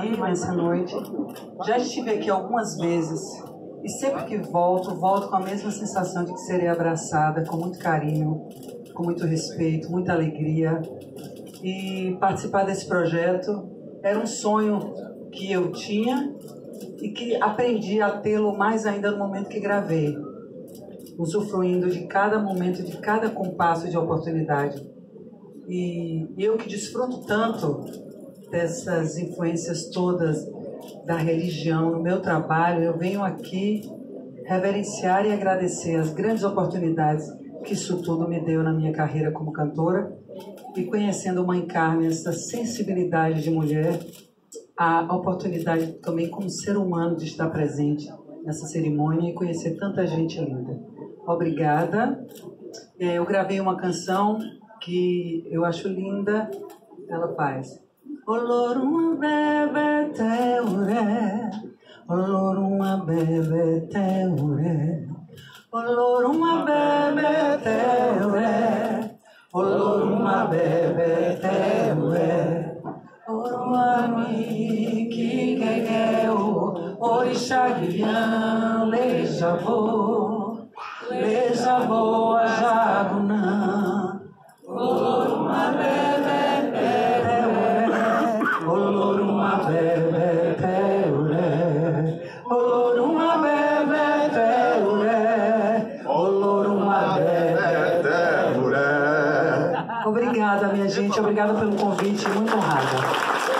viva essa noite. Já estive aqui algumas vezes e sempre que volto, volto com a mesma sensação de que serei abraçada com muito carinho, com muito respeito, muita alegria. E participar desse projeto era um sonho que eu tinha e que aprendi a tê-lo mais ainda no momento que gravei, usufruindo de cada momento, de cada compasso de oportunidade. E eu que desfruto tanto dessas influências todas da religião no meu trabalho, eu venho aqui reverenciar e agradecer as grandes oportunidades que isso tudo me deu na minha carreira como cantora e conhecendo Mãe Carmen, essa sensibilidade de mulher, a oportunidade também como ser humano de estar presente nessa cerimônia e conhecer tanta gente linda. Obrigada. É, eu gravei uma canção que eu acho linda, ela faz. Olorun bẹ̀bẹ̀ tẹ́ ọ̀rẹ́. Olorun bẹ̀bẹ̀ tẹ́ ọ̀rẹ́. Olorun bẹ̀bẹ̀ tẹ́ ọ̀rẹ́. Olorun bẹ̀bẹ̀ tẹ́ ọ̀rẹ́. Orun á mi kí gẹ́gẹ́ o. Òrìṣà yìí lè ṣàbò. Obrigada, minha gente. Obrigada pelo convite. Muito honrada.